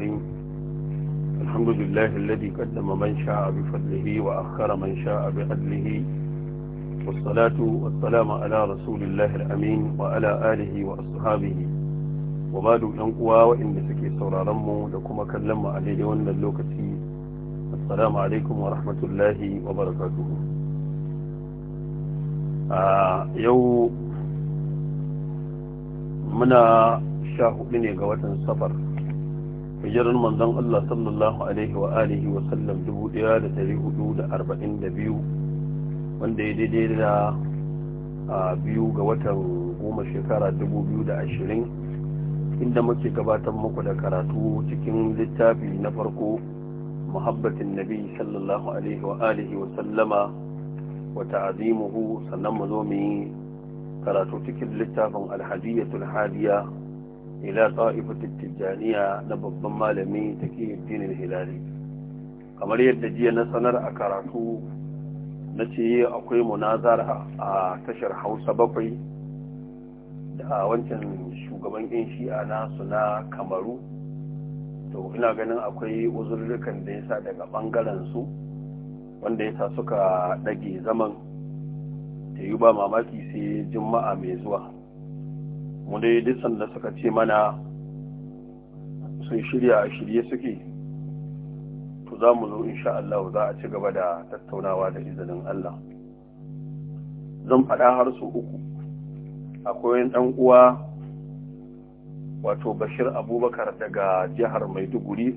الحمد لله الذي قدم من شاء بفضله وأخر من شاء بعدله والصلاة والسلام على رسول الله الأمين وعلى آله وأصحابه وبعد ينقوى وإن سكي سورا رمو لكم كلم عليه وأن اللوكتي السلام عليكم ورحمة الله وبركاته آه يو منا شاهد ne ga watan safar hijirar manzon Allah sallallahu alaihi wa alihi wa sallam 1442 wanda ya daidai da a biyu ga watan goma shekara 2020 inda muke gabatar muku da karatu cikin littafi na farko muhabbatin nabi sallallahu alaihi wa alihi wa sallama wa ta'azimuhu sannan mu zo mu karatu cikin littafin alhadiyatul hadiya ila ta'ifatit tijaniya na babban malami take dinin hilali kamar yadda jiya na sanar a karatu na ce akwai munazara a tashar hausa bakwai da wancan shugaban yan shi'a nasu na kamaru to ina ganin akwai uzurrukan da yasa daga bangaren su wanda yasa suka dage zaman ta yi ba mamaki sai juma'a mai zuwa mu dai duk sanda suka ce mana sun shirya a shirye suke to za mu zo insha Allah za a ci gaba da tattaunawa da izinin Allah zan faɗa har su uku akwai ɗan uwa wato bashir abubakar daga jihar maiduguri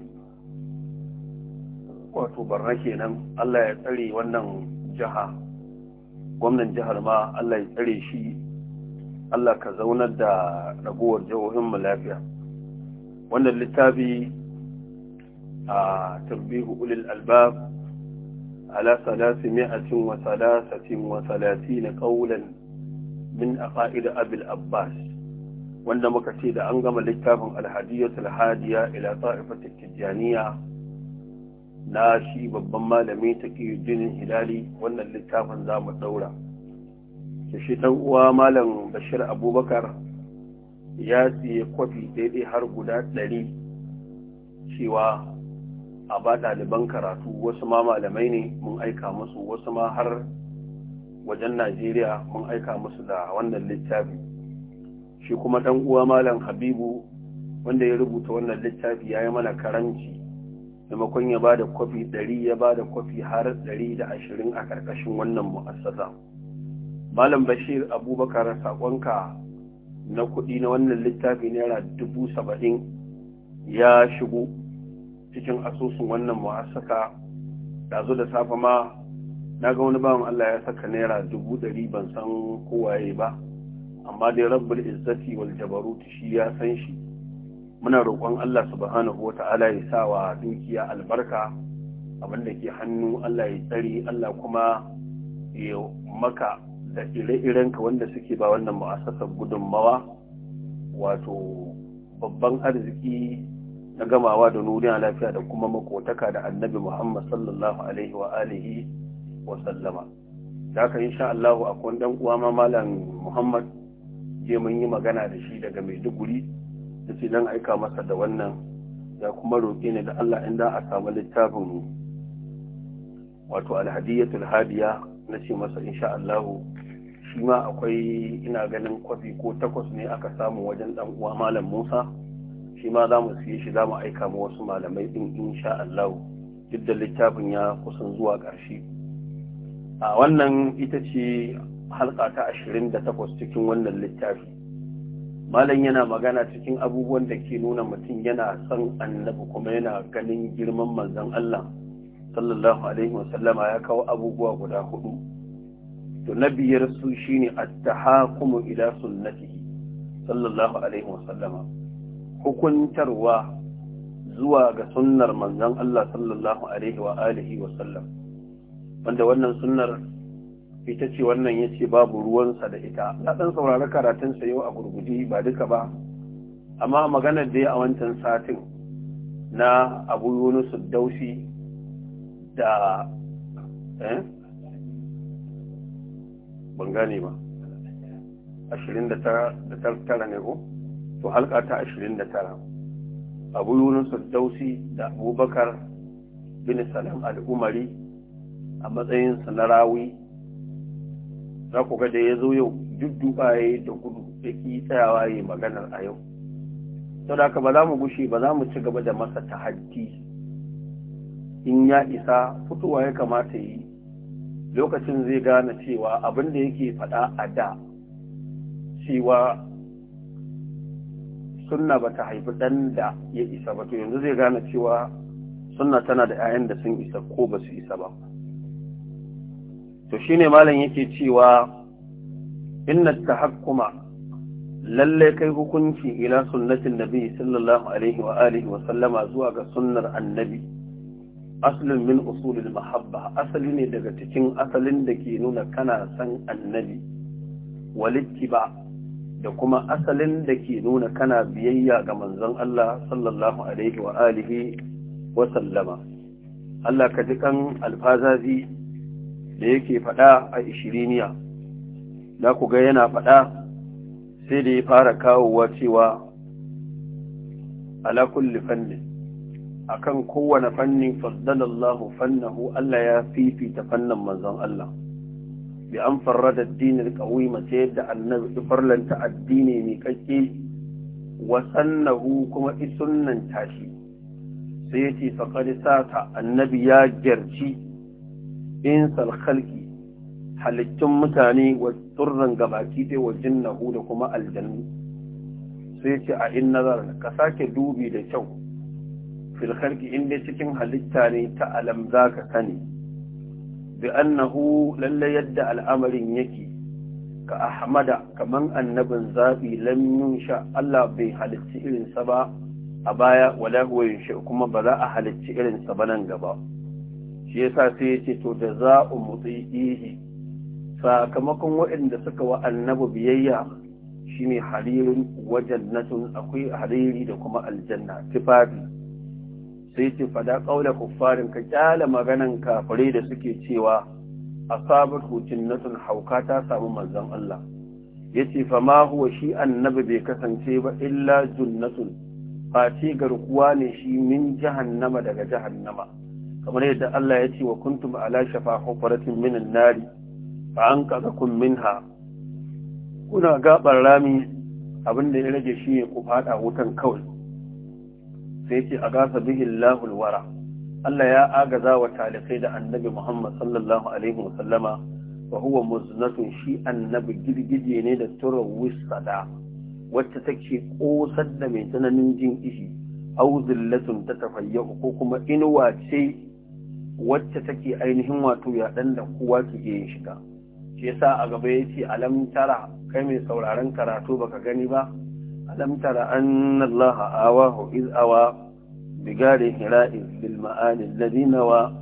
wato barna kenan Allah ya tsare wannan jiha gwamnan jihar ma Allah ya tsare shi Allah ka zaunar da ragowar jihohinmu lafiya wannan littafi a tambihu ulil albab ala salasi mi'atin wa salasatin wa salatina qawlan min aqaid abil abbas wanda muka ce da an gama littafin alhadiyatul hadiya ila ta'ifatit tijaniya na shi babban malami jinin hilali wannan littafin zamu daura da shi ɗan uwa malam bashir abubakar ya tsaye kwafi daidai har guda ɗari cewa a ba ɗaliban karatu wasu ma malamai ne mun aika musu wasu ma har wajen najeriya mun aika musu da wannan littafi shi kuma ɗan uwa malam habibu wanda ya rubuta wannan littafi ya yi mana karanci maimakon ya ba da kwafi ɗari ya ba da kwafi har ɗari da ashirin a ƙarƙashin wannan mu'assasa. malam bashir abubakar saƙonka na kuɗi na wannan littafi naira dubu saba'in ya shigo cikin asusun wannan mu'assaka zo da safe ma na ga wani bawan Allah ya saka naira dubu ɗari ban san kowaye ba amma dai rabbul izzati wal jabarut shi ya san shi muna roƙon Allah subhanahu wa ta'ala ya sa wa dukiya albarka abinda ke hannu Allah ya tsare, Allah kuma ya maka da ire-irenka wanda suke ba wannan ma'asasar gudunmawa wato babban arziki na gamawa da nuniya lafiya da kuma makotaka da annabi muhammad sallallahu alaihi wa alihi wa sallama da haka insha Allah akwai dan uwa ma malam muhammad je mun yi magana da shi daga maiduguri da su dan aika masa da wannan ya kuma roƙe ni da Allah inda a samu littafin wato alhadiyatul hadiya na ce masa insha Allah shi akwai ina ganin kwafi ko takwas ne aka samu wajen dan uwa malam Musa shi ma za mu siye shi za mu aika mu wasu malamai din insha Allah duk da littafin ya kusan zuwa ƙarshe a wannan ita ce halka ta ashirin da takwas cikin wannan littafi malam yana magana cikin abubuwan da ke nuna mutum yana son annabi kuma yana ganin girman manzon Allah sallallahu alaihi wasallama ya kawo abubuwa guda hudu to na biyar su shine at-tahakumu ila sunnatihi sallallahu alaihi wa sallama hukuntarwa zuwa ga sunnar manzon Allah sallallahu alaihi wa alihi wa wanda wannan sunnar ita ce wannan yace babu ruwansa da ita na dan saurari karatun sa yau a gurgudi ba duka ba amma maganar da ya a wancan satin na Abu Yunus Dausi da eh ban gane ba ashirin da tara ne ko to halka ta ashirin da tara abu yunus dausi da abubakar bin salam al'umari a matsayinsa na rawi za ku ga da ya zo yau dudduba ya da gudu ya ki tsayawa ya maganar a yau sau da ba za mu gushe ba za mu ci gaba da masa tahaddi in ya isa fitowa ya kamata yi lokacin zai gane cewa abin da yake faɗa a da cewa sunna ba ta haifi ɗan da ya isa ba to yanzu zai gane cewa sunna tana da 'ya'yan da sun isa ko ba su isa ba to shine malam yake cewa inna tahakkuma lallai kai hukunci ila sunnatin nabi sallallahu alaihi wa alihi wa sallama zuwa ga sunnar annabi aslin min usulil mahabba asali ne daga cikin asalin da ke nuna kana san annabi walittiba da kuma asalin da ke nuna kana biyayya ga manzon Allah sallallahu alaihi wa alihi wa sallama Allah ka ji kan alfazazi da yake faɗa a ishiriniya da ku ga yana faɗa sai da ya fara kawowa cewa ala kulli fannin akan kowane fannin fasdalallahu fannahu Allah ya fifita fannin manzon Allah bi an farrada addinin qawima sai yadda annabi farlanta addini mai kakke wa sannahu kuma isunnan tashi sai yace faqad sata annabi ya gerci in sal khalqi halittun mutane wa turran gabaki dai wa jinnahu da kuma aljannu sai yace a in nazar ka sake dubi da kyau fil khalqi inda cikin halitta ne ta alam ka sani bi annahu lalla yadda al'amarin yake ka ahmada kaman annabin zabi lam sha Allah bai halicci irinsa ba a baya wala huwa yunsha kuma ba za a halicci irinsa ba nan gaba shi yasa sai yace to da za'u mutihi sakamakon waɗanda suka wa annabi biyayya shine haririn wajannatun akwai hariri da kuma aljanna tufafi. sai ce fada ƙaula kuffarin ka ƙyala maganan kafirai da suke cewa a na sun hauka ta samu manzan Allah Ya ce fa ma huwa shi annabi bai kasance ba illa junnatun ce garkuwa ne shi min jahannama daga jahannama kamar yadda Allah ya ce wa kuntum ala shafa hufaratin minin nari fa an kaza kun minha kuna gabar rami abin da ya rage shi ne ku fada wutan kawai sai ce a gasa bihin lahulwara Allah ya agaza wa talikai da annabi Muhammad sallallahu alaihi wa wa huwa muznatun shi annabi girgije ne da tura wisada wacce take kosar da mai tsananin jin ishi au zillatun ta tafayyahu ko kuma inuwa ce wacce take ainihin wato yaɗan da kowa ke iya shiga shi yasa a gaba ya ce alam tara kai mai sauraron karatu baka gani ba ألم ترى أن الله آواه إذ أوى بجار حراء بالمآل الذي نوى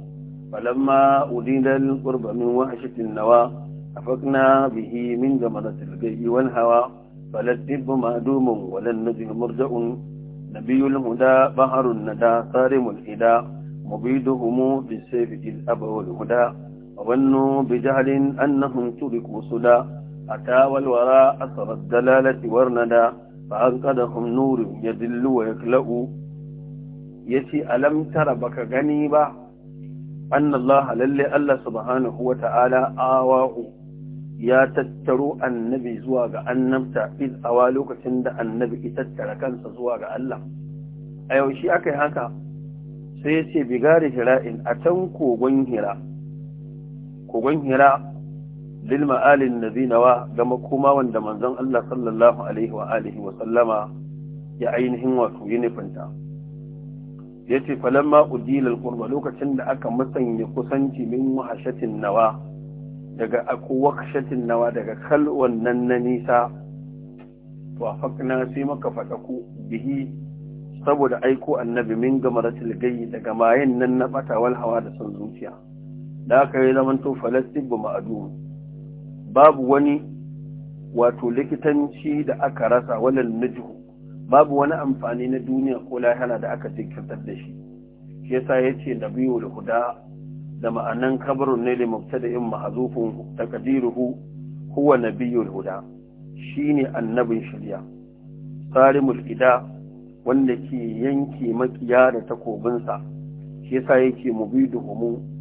فلما أدين القرب من وحشة النوى أفقنا به من جمرة الجي والهوى فلا الدب مهدوم ولا النجم مرجع نبي الهدى بحر الندى صارم الهدى مبيدهم بالسيف الأب والهدى الهدى وظنوا بجهل أنهم تركوا صدى أتى والوراء أثر الدلالة والندى an kada nurin ya dillu wa ya kula'u ya ce alamtara baka gani ba annallah lalle Allah subhanahu wa ta'ala awa'u ya tattaro annabi zuwa ga annabta iz awa lokacin da annabi ya tattara kansa zuwa ga Allah a yaushe aka yi haka sai ya ce bigari hira in a can kogon hira kogon hira lil ma'alin ladina wa ga makoma wanda manzon Allah sallallahu alaihi wa alihi wa sallama ya ainihin wato yi nufinta yace falamma udila alqurba lokacin da aka musanya kusanci min muhashatin nawa daga aku wakshatin nawa daga kal wannan na nisa to afakna sai maka ku bihi saboda aiko annabi min gamaratul gayyi daga mayin nan na wal hawa da son zuciya da aka yi zaman to falastik ba ma'adu babu wani wato likitanci da aka rasa walal najhu babu wani amfani na duniya ko lahana da aka jinkirtar da shi shi yasa yace da huda da ma'anan kabarun ne li mubtada'in mahzufun taqdiruhu huwa nabiyul huda shine annabin shari'a salimul ida wanda ke yanke makiya da takobinsa shi yasa yake mubiduhum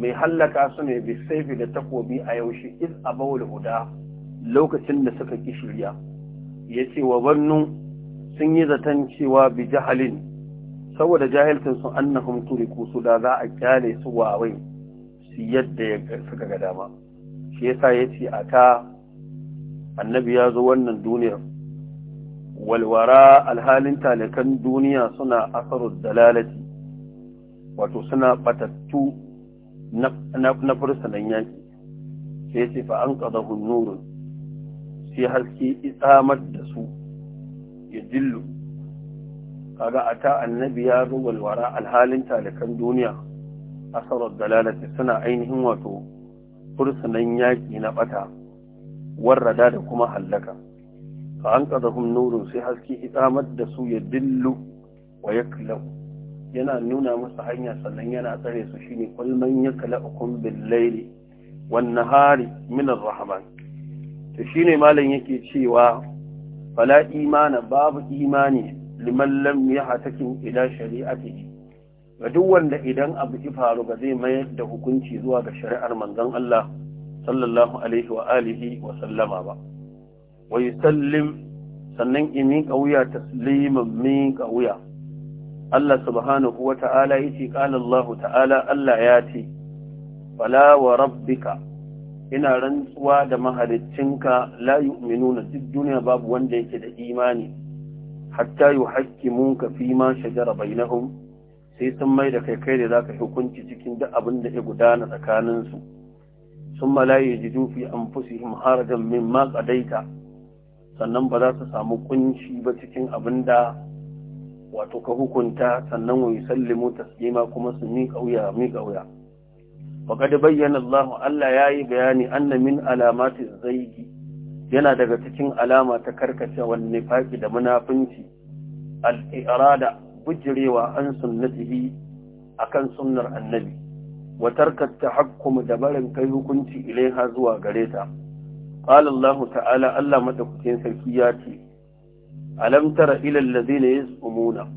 mai hallaka su ne bi saifi da takobi a yaushe iz abawul huda lokacin da suka ki shirya yace wa bannu sun yi zaton cewa bi jahalin saboda jahilcin su annahum turiku su da za a kyale su wawai su yadda suka ga dama shi yasa yace ta annabi ya zo wannan duniyar walwara alhalin talikan duniya suna da dalalati wato suna batattu na fursunan yaki sai ce fa an ƙada hunnurun sai haske itsamar da su ya dillu kaga a ta annabi ya zo walwara alhalin talikan duniya a asarar dalalati suna ainihin wato fursunan yaki na ɓata warrada da kuma hallaka fa an ƙada hunnurun sai haske itsamar da su ya dillu wa ya kalau yana nuna musu hanya sannan yana tsare su shine kul man yakla'ukum bil layli wan nahari min ar to shine malam yake cewa fala imana babu imani liman lam yahtakin ila shari'atihi ga duk wanda idan abu ki faru ga zai mayar da hukunci zuwa ga shari'ar manzon Allah sallallahu alaihi wa alihi wa sallama ba wa yusallim sannan imi kauya tasliman mi kauya Allah subhanahu wa ta'ala ya ce ta'ala Allah ya ce fala wa rabbika ina rantsuwa da mahaliccinka la yu'minuna duk duniya babu wanda yake da imani hatta yuhaqqimunka fi ma shajara bainahum sai sun mai da kai kai da za ka hukunci cikin duk abin da ya gudana tsakaninsu ثم لا يجدوا في أنفسهم حرجا min قضيت sannan ba za su samu kunci ba cikin abin da wato ka hukunta sannan wa yusallimu taslima kuma su mi kauya mi kauya faqad bayyana Allah Allah yayi bayani anna min alamati zaygi yana daga cikin alama ta karkace wan nifaqi da munafinci al-irada bujrewa an sunnatihi akan sunnar annabi wa tarka tahakkum da barin kai hukunci ilaiha zuwa gare ta qala Allah ta'ala Allah madaukakin sarki ya ce alam tara ila alladhina yazumuna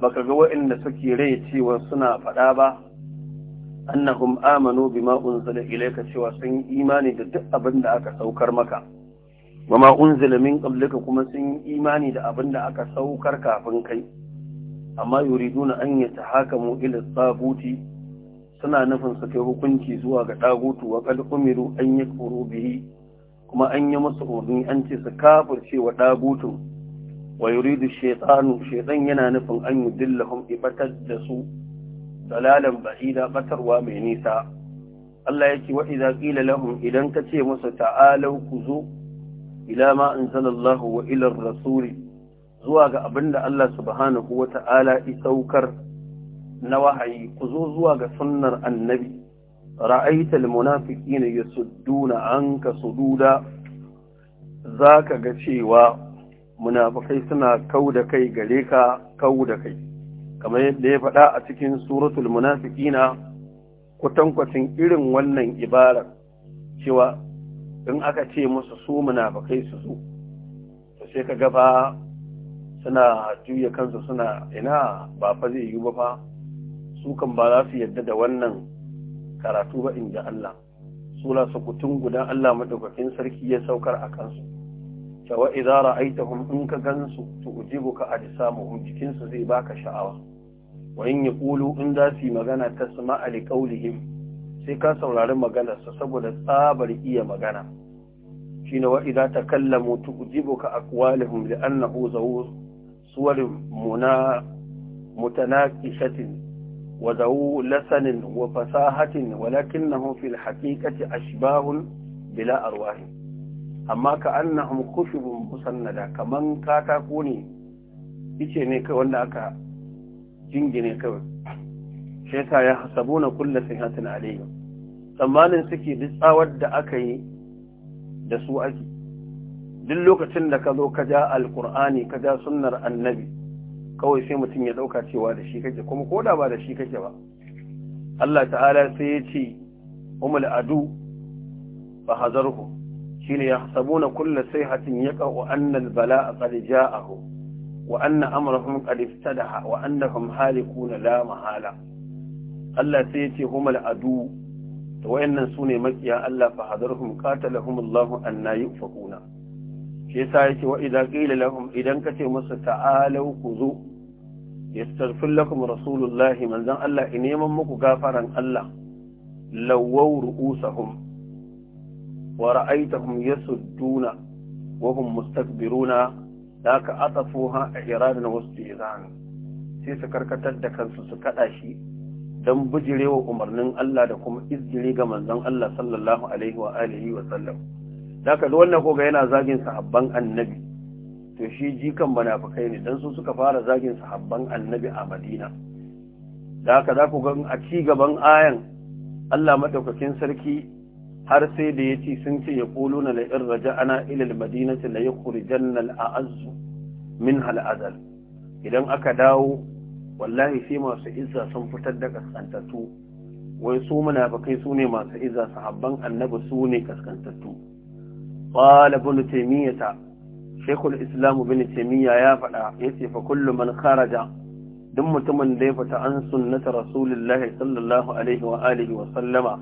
baka ga wa'anda suke rai cewa suna faɗa ba annahum amanu bima unzila ilayka cewa sun imani da duk abin da aka saukar maka wama unzila min qablika kuma sun imani da abin da aka saukar kafin kai amma yuriduna an yatahakamu ila tsabuti suna nufin su kai hukunci zuwa ga dagutu wa qad umiru an yakfuru bihi kuma an yi masa umarni an ce su kafirce wa dagutun wa yuridu shaytanu yana nufin an yudillahum ibatar da su dalalan ba'ida batarwa mai nisa Allah ya ce idza qila lahum idan ka ce musu ta'alau ku zo ila ma anzalallahu wa ilar rasuli zuwa ga abinda Allah subhanahu wa ta'ala isaukar na wahayi ku zo zuwa ga sunnar annabi ra'aita almunafiqina yasudduna anka sududa zaka ga cewa munafukai suna kau da kai Gareka kau da kai kamar yadda ya faɗa a cikin suratul munafiqina kwatankwatin irin wannan ibarar cewa in aka ce musu su munafukai su su to sai ka gaba suna juya kansu suna ina ba fa zai yi ba fa su kan ba za su yadda da wannan karatu ba in ji Allah suna sukutun guda Allah madaukakin sarki ya saukar a kansu cewa idza ra'aitahum in ka gansu a samu jikin su zai baka sha'awa wa in yaqulu in za su magana tasma'a li qawlihim sai ka saurari maganar sa saboda tsabar iya magana shine wa idza takallamu tu'jibuka aqwaluhum li'annahu zawur suwarin muna mutanaqishatin وذو لسن وفصاحة ولكنهم في الحقيقة أشباه بلا أرواح أما كأنهم خشب مسندة كمن كاتاكوني ice ne kai wanda aka jingine kawai shi yasa ya hasabuna kullu sayhatin alayhim tsammanin suke duk tsawar da aka yi da su ake duk lokacin da ka zo ka ja alkur'ani ka ja sunnar annabi kawai sai mutum ya ɗauka cewa da shi kake kuma ko da ba da shi kake ba Allah ta'ala sai ya ce umul adu fa hazarhu shine yahsabuna kullu sayhatin yaqa'u anna al-bala'a qad ja'ahu wa anna amrahum qad iftadaha wa annahum halikuna la mahala Allah sai ya ce humul adu to wayannan sune makiya Allah fa hazarhum qatalahum Allah anna yufakuna shi yasa yake wa idza qila lahum idan kace musu ta'alu zo. yastaghfir lakum rasulullahi manzon Allah in neman muku gafaran Allah lawaw ru'usahum wa ra'aytahum yasudduna wa hum mustakbiruna laka atafuha i'radan wa istihzan sai su karkatar da kansu su kada shi dan bijirewa umarnin Allah da kuma izgiri ga manzon Allah sallallahu alaihi wa wa sallam da ka wannan koga yana zagin sahabban annabi to shi jikan munafikai ne dan su suka fara zagin sahabban annabi a Madina da haka za ku ga a ci gaban ayan Allah madaukakin sarki har sai da yace sun ce ya kulu na in raja'ana ana ilil madinati la yukhrijanna al a'azzu min hal idan aka dawo wallahi sai masu izza sun fitar da kaskantattu wai su munafikai su ne masu izza sahabban annabi su ne kaskantattu qala bunu taymiyata shekul Islamu bin taimiyya ya faɗa ya ce fa kullum man kharaja duk mutumin da ya fita an sunnata rasulullahi sallallahu alaihi wa alihi wa sallama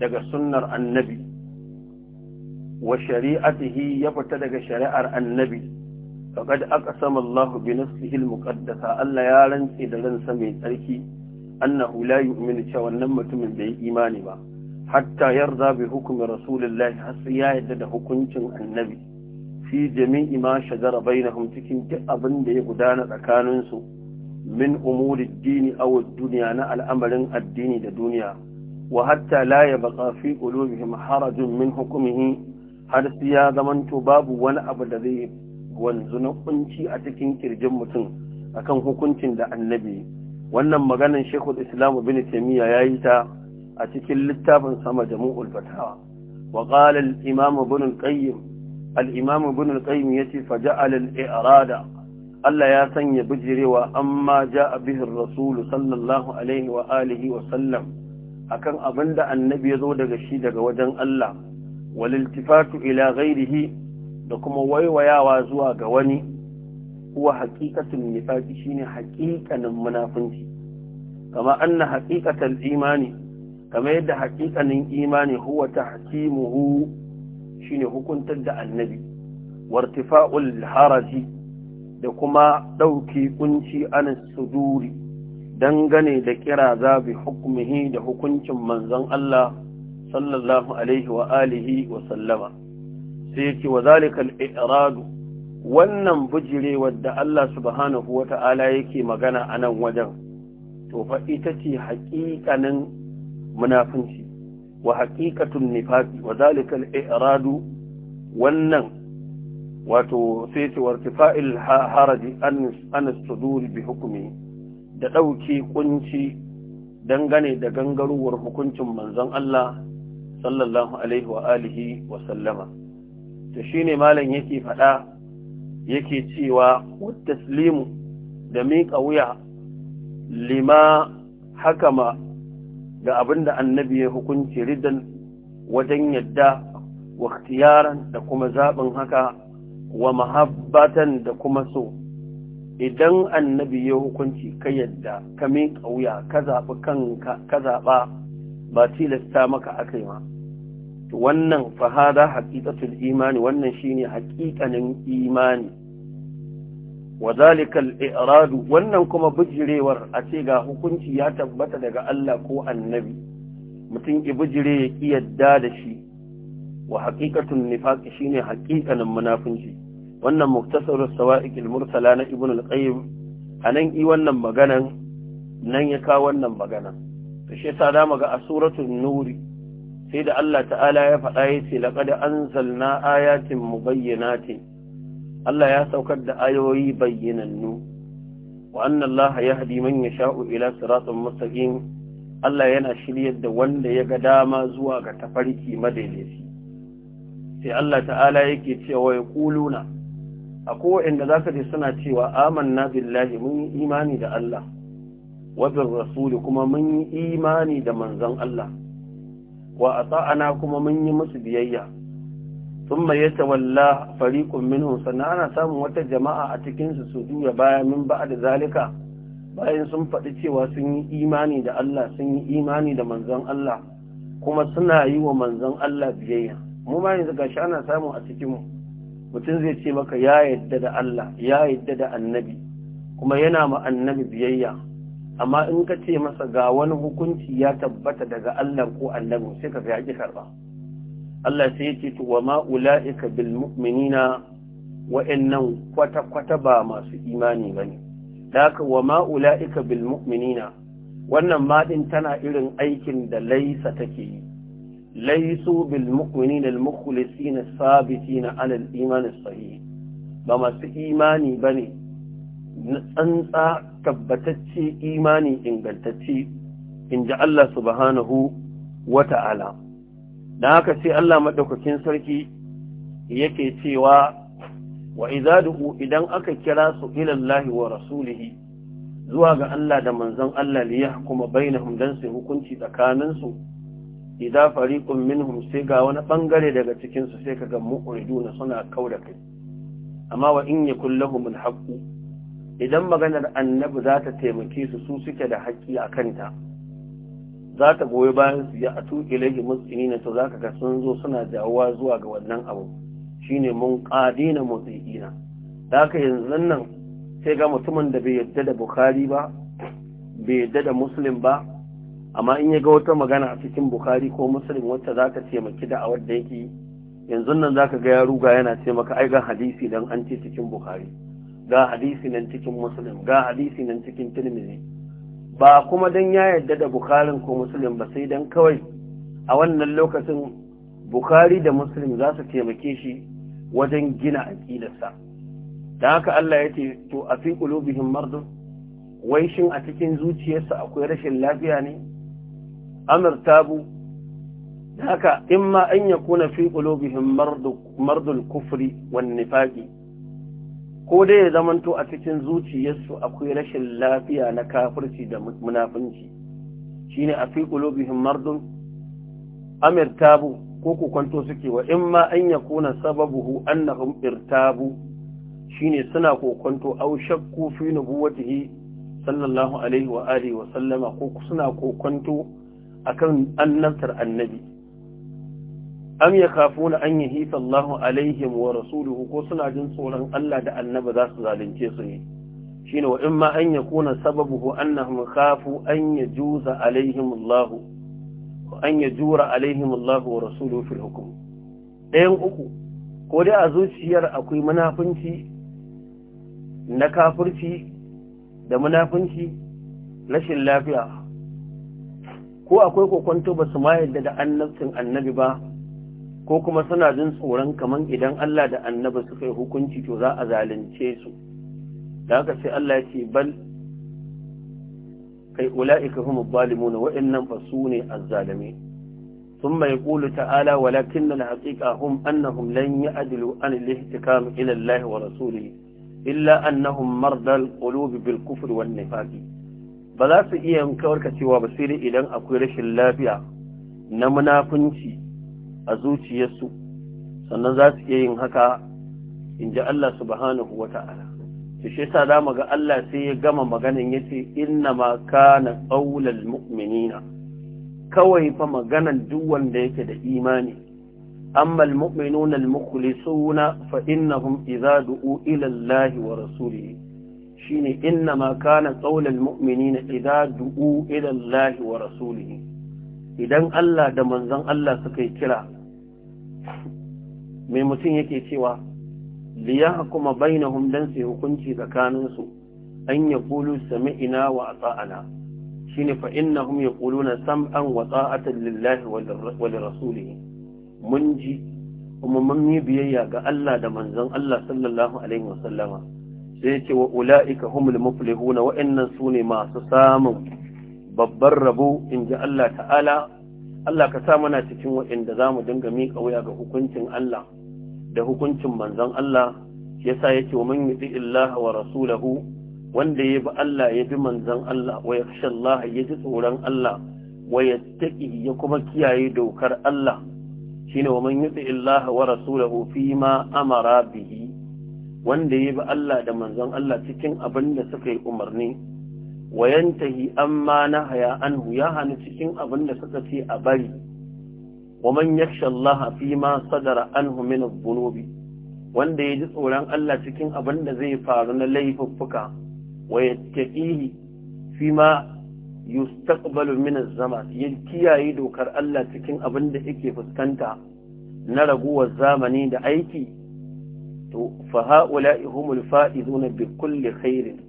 daga sunnar annabi wa shari'atihi ya fita daga shari'ar annabi faqad aqsama Allahu bi nafsihi al-muqaddasa Allah ya rantsi da ransa mai tsarki annahu la yu'minu cewa wannan mutumin bai imani ba hatta yarda bi hukmi rasulullahi har sai ya yarda da hukuncin annabi fi jami'i ma shajara na cikin duk abin da ya gudana tsakanin su min umuri dini aw duniya na al'amarin addini da duniya wa hatta la yabqa fi qulubihim harajun min har su ya zamanto babu wani abu da zai wanzu na kunci a cikin kirjin mutum akan hukuncin da annabi wannan maganan shekul islamu bin taimiyya ya yi ta a cikin littafin sama da fatawa wa qala al-imam al’imamu bin al’ayin ya ce faja alil irada Allah ya sanya bijirewa amma ja abihin rasulu sallallahu alaihi a kan abin annabi ya zo daga shi daga wajen Allah waliltifatu ila gairihi da kuma waiwayawa zuwa ga wani kuwa haƙiƙatun nifaƙi shi ne munafunci kama an na haƙiƙatar imani kama yadda haƙiƙanin imani huwa ta haƙimuhu shine hukuntar da annabi wartifa'ul haraji da kuma ɗauki kunci an suduri dangane da kira zabi hukumihi da hukuncin manzon Allah sallallahu alaihi wa alihi wa sallama sai yake wa zalikal i'radu wannan bujirewar da Allah subhanahu wa ta'ala yake magana a nan wajen to fa ita ce haƙiƙanin munafunci wa haqiqatun nifaqi wa zalika iradu wannan wato sai ce wartifa'il haraji an suduri bi hukumi da ɗauke kunci dangane da gangarowar hukuncin manzon Allah sallallahu alaihi wa alihi wa sallama to shine malam yake faɗa yake cewa taslimu da miƙa wuya lima hakama da abin da annabi ya hukunci ridan wajen yadda ikhtiyaran da kuma zaɓin haka wa mahabbatan da kuma so idan annabi ya hukunci ka yadda ka mi ƙauya ka zaɓi kanka ka zaɓa ba tilasta maka akai ma, ma wannan fahada haƙiƙatul imani wannan shine haƙiƙanin imani wa zalikal i'radu wannan kuma bijirewar a ce ga hukunci ya tabbata daga Allah ko annabi mutum ki bijire ya ki yadda da shi wa haqiqatun nifaqi shine haqiqanin munafinci wannan muktasarus sawa'iqil mursala na ibn al-qayyim anan i wannan maganan nan ya kawo wannan magana to shi yasa da ga a suratul nuri sai da Allah ta'ala ya faɗa yace laqad anzalna ayatin mubayyinatin Allah ya saukar da ayoyi bayyanannu wa anna Allah hadi man yasha'u ila siratin mustaqim Allah yana shiryar da wanda ya ga dama zuwa ga tafarki madaidaici sai Allah ta'ala yake cewa ya kuluna a kowanda zaka ji suna cewa amanna billahi mun yi imani da Allah wa bil rasul kuma mun yi imani da manzon Allah wa ata'ana kuma mun yi musu biyayya thumma yatawalla fariqun minhum sannan ana samun wata jama'a a cikinsu su su juya baya min da zalika bayan sun faɗi cewa sun yi imani da Allah sun yi imani da manzon Allah kuma suna yi wa manzon Allah biyayya mu ma yanzu gashi ana samu a cikin mutum zai ce maka ya yadda da Allah ya yadda da annabi kuma yana ma annabi biyayya amma in ka ce masa ga wani hukunci ya tabbata daga Allah ko annabi sai ka ga ya ki karba Allah sai ya ce to wa ma bil mu'minina wa'annan kwata kwata ba masu imani bane daka wa ma'ulaika bil mu'minina wannan ma din tana irin aikin da laisa take yi laisu bil mu'minina al mukhlisina sabitina ala al iman as sahih ba masu imani bane na tsantsa tabbatacce imani ingantacce inji Allah subhanahu wa ta'ala. da haka sai Allah maɗaukakin sarki yake cewa wa idza idan aka kira su Ilallahi wa rasulihi zuwa ga Allah da manzon Allah liya kuma bainahum dan su hukunci tsakaninsu, idan fariqun minhum sai ga wani bangare daga cikin su sai kaga na suna kauda kai amma wa in yakul lahum al idan maganar annabi za ta taimake su su suke da haƙƙi a kanta za ta goyi bayan su ya atu ilaihi muslimina to zaka ga sun zo suna dawowa zuwa ga wannan abu shine mun qadina musulmina da haka yanzu nan sai ga mutumin da bai yadda da bukari ba bai yadda da muslim ba amma in ya ga wata magana a cikin bukari ko muslim wacce za ka taimaki da awar da yake yanzu nan ka ga ya ruga yana ce maka ai ga hadisi dan an ce cikin bukari ga hadisi nan cikin muslim ga hadisi nan cikin tirmidhi ba kuma don ya yarda da bukarin ko musulun ba sai don kawai a wannan lokacin bukari da musulun za su taimake shi wajen gina aƙidarsa da haka Allah ya ce to a fi ƙulubihin mardu wai shin a cikin zuciyarsa akwai rashin lafiya ne amir tabu da haka in ma an ya kuna fi ƙulubihin mardul kufri wan nifaƙi ko dai ya zamanto a cikin zuciyarsu akwai rashin lafiya na kafirci da munafunci shine a fi qulubihim mardun amir tabu ko ku suke wa in ma an yakuna sababuhu annahum irtabu shine suna kokonto au shakku fi nubuwatihi sallallahu alaihi wa alihi wa sallama ko suna kokonto akan annabtar annabi am ya kafu na an yi hita Allahu alaihim wa rasuluhu ko suna jin tsoron Allah da annabi za su zalunce su ne shine wa in ma an ya kuna sababuhu annahum an ya juza alaihim Allah an ya jura alaihim Allah wa rasuluhu fil hukum ɗayan uku ko dai a zuciyar akwai munafunci na kafirci da munafunci rashin lafiya ko akwai kokonto ba su ma yadda da annabcin annabi ba ko kuma suna jin tsoron kaman idan Allah da annabi suka yi hukunci to za a zalunce su da haka sai Allah ya ce bal kai ula'ika humu zalimuna wa'annan fa su ne azzalime ثم يقول تعالى ولكن الحقيقة هم أنهم لن يعدلوا عن الاحتكام إلى الله ورسوله إلا أنهم مرضى القلوب بالكفر والنفاق بلا سئيهم كوركة وبصير إلى أقول رش اللافع نمنا فنشي a zuciyarsu sannan za su iya yin haka in ji Allah subhanahu wa ta'ala ta shi sa za ga Allah sai ya gama maganin ya ce inna ma kana ƙaular mu'minina kawai fa maganan duk wanda yake da imani amma al-mu'minuna al-mukhlisuna fa du'u ilallahi wa rasulihi shine inna ma kana qawlal mu'minina Iza du'u ilallahi wa rasulihi idan Allah da manzon Allah suka yi kira mai mutum yake cewa liya kuma bainahum don su hukunci tsakaninsu an ya kulu sami'ina wa ata'ana shine ya kulu na sam'an wa ta'atan lillahi wa lirasulihi mun ji kuma mun yi biyayya ga Allah da manzon Allah sallallahu alaihi wa sallama sai ce wa ula'ika humul muflihuna wa'annan sune masu samun babban rabo in ji Allah ta'ala Allah ka sa mana cikin waɗanda za mu dinga miƙa wuya ga hukuncin Allah da hukuncin manzon Allah ya sa yake wa man yuti illaha wa rasulahu wanda ya bi Allah ya bi manzon Allah wa yakhsha Allah ya ji tsoron Allah wa taƙi ya kuma kiyaye dokar Allah shine wa man yuti illaha wa rasulahu fi ma amara bihi wanda ya bi Allah da manzon Allah cikin abin da suka yi umarni wayantahi yantahi amma nahaya anhu ya hanu cikin abin da suka ce a bari wa man yakhsha Allah fi ma sadara anhu min adh-dhunubi wanda ya ji tsoron Allah cikin abin da zai faru na laifuffuka wa yattaqihi fi ma yustaqbalu min az-zaman ya kiyaye dokar Allah cikin abin da yake fuskanta na raguwar zamani da aiki to fa ha'ula'i humul fa'izuna bi kulli khairin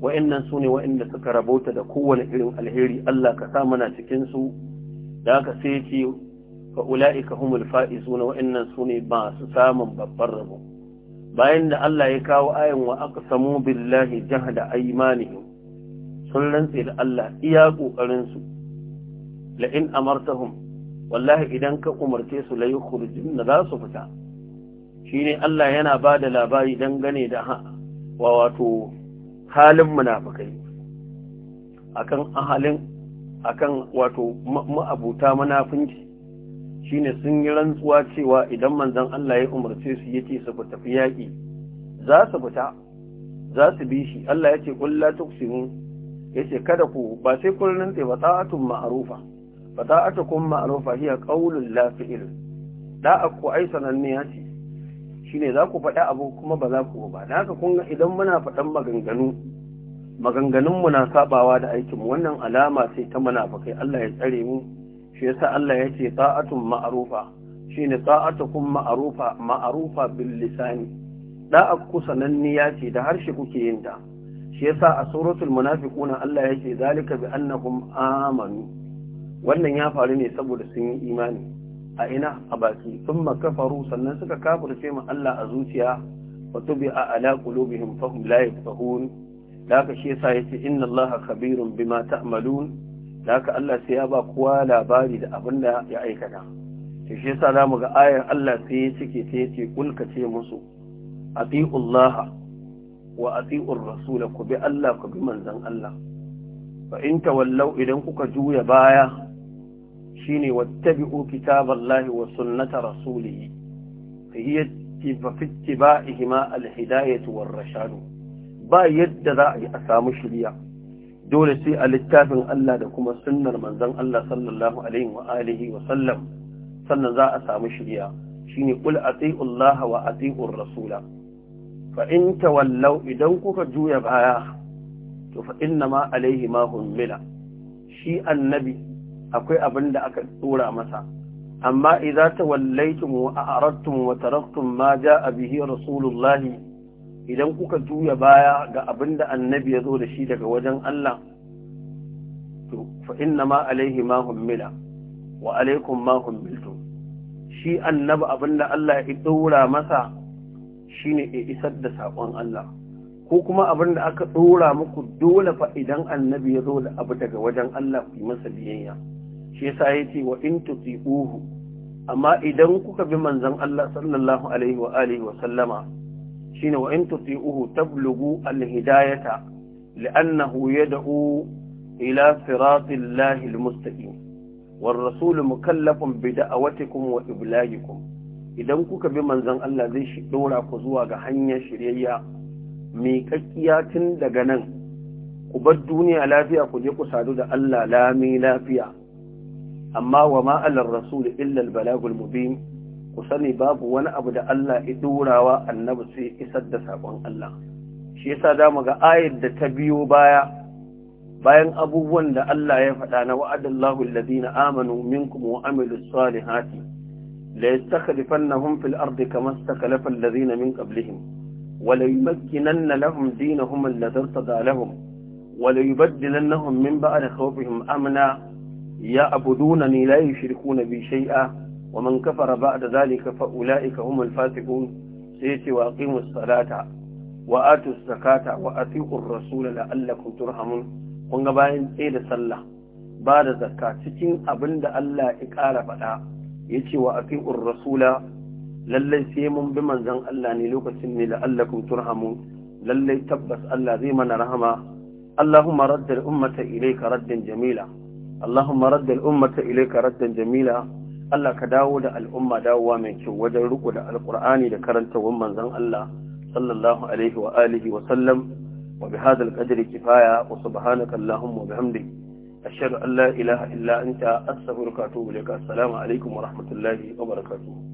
wa'annan su ne wa'anda suka rabota da kowane irin alheri Allah ka sa mana cikin su da haka sai ce fa ula'ika humul suna wa'annan su ne masu samun babbar rabo bayan da Allah ya kawo ayan wa aqsamu billahi jahda aymanihim sun rantse da Allah iya ƙoƙarinsu. su amartahum wallahi idan ka umarce su la na za su fita shine Allah yana ba da labari dangane da wa wato halin munafikai akan ahalin akan wato ma'abuta munafinci shine sun yi rantsuwa cewa idan manzon Allah ya umarce su yace su fita yaki za su fita za su bi shi Allah yace qul la tuksimu yace kada ku ba sai kun rantsa ba ta'atun ma'rufa fata'atukum ma'rufa hiya qawlul lafi'il fi'il da'a ku aisanan ne yace shine za ku faɗa abu kuma ba za ku ba na haka kun idan muna faɗan maganganu maganganun mu na sabawa da aikin wannan alama sai ta munafikai Allah ya tsare mu shi yasa Allah ya ce ta'atun ma'rufa shine ta'atukum ma'rufa ma'rufa bil lisani da'a ku sananniya ce da harshe kuke yin ta shi yasa a suratul munafiquna Allah ya ce zalika bi annahum amanu wannan ya faru ne saboda sun yi imani a ina a baki sun makafaru sannan suka kafirce mu Allah a zuciya wa tubi a ala qulubihim fahum la yafqahun laka shi yasa yace inna Allah khabirun bima ta'malun laka Allah sai ya ba kowa labari da abin da ya aikata to shi yasa zamu ga ayar Allah sai ya ta yace kul ka ce musu atiu Allah wa atiu ar ku bi Allah ku bi manzon Allah fa in idan kuka juya baya shine wattabi'u kitaballahi wa sunnata rasulih hiya fi ittiba'ihima alhidayatu warrashadu ba yadda za a samu shiriya dole sai a littafin Allah da kuma sunnar manzon Allah sallallahu alaihi wa alihi wa sallam sannan za a samu shiriya shine a ati'u Allah wa ati'u rasula fa in idan kuka juya baya to fa inna ma alaihi ma hummila shi annabi akwai abin da aka tsora masa amma idza tawallaytum wa a'radtum wa taraktum ma jaa bihi rasulullahi idan kuka juya baya ga abin da annabi ya zo da shi daga wajen Allah to fa inna ma alaihi ma hummila wa alaykum ma hummiltum shi annabi abin da Allah ya dora masa shine ya isar da sakon Allah ko kuma abin da aka tsora muku dole fa idan annabi ya zo da abu daga wajen Allah ku yi masa biyayya shi yasa yace wa in tuti'uhu amma idan kuka bi manzon Allah sallallahu alaihi wa alihi wa sallama shine wa in tuti'uhu tablughu al-hidayata li'annahu yad'u ila siratil lahi al-mustaqim war rasul mukallafun bi da'awatikum wa iblagikum idan kuka bi manzon Allah zai shi dora ku zuwa ga hanyar shiryayya mai kakkiya tun daga nan ku bar duniya lafiya ku je ku sadu da Allah lami lafiya amma wa ma'alar rasul illal balagul mubin ku sani babu wani abu da Allah ya durawa annabi sai isar da sakon Allah shi yasa da mu ga ayar da ta biyo baya bayan abubuwan da Allah ya faɗa na wa'adallahu alladhina amanu minkum wa amilus salihati la yastakhlifannahum fil ardi kama istakhlafa alladhina min qablihim wa la yumakkinanna lahum dinahum alladhi irtada lahum wa yubaddilannahum min ba'di khawfihim amna ya abuduna ni la yushrikuna bi shay'a wa man kafara ba'da zalika fa ulaika humul fasiqun sai ce wa aqimus salata wa atus zakata wa atiqur rasul la'allakum turhamun kun ga bayan tsaye da sallah ba da zakka cikin abin da Allah ya ƙara faɗa yace wa atiqur rasula lallai sai mun bi manzon Allah ne lokacin ne la'allakum turhamun lallai tabbas Allah zai mana rahama اللهم رد الأمة إليك raddin Jamila. allahu Allahumma raddal ummata ilayka raddan jamila Allah ka dawo da al'umma dawowa mai kyau wajen riko da alqur'ani da karanta manzon Allah sallallahu alaihi wa wa sallam wa bi hadha kifaya wa subhanaka allahumma wa bihamdik ashhadu an la ilaha illa anta astaghfiruka wa atubu ilaik assalamu alaikum wa rahmatullahi wa barakatuh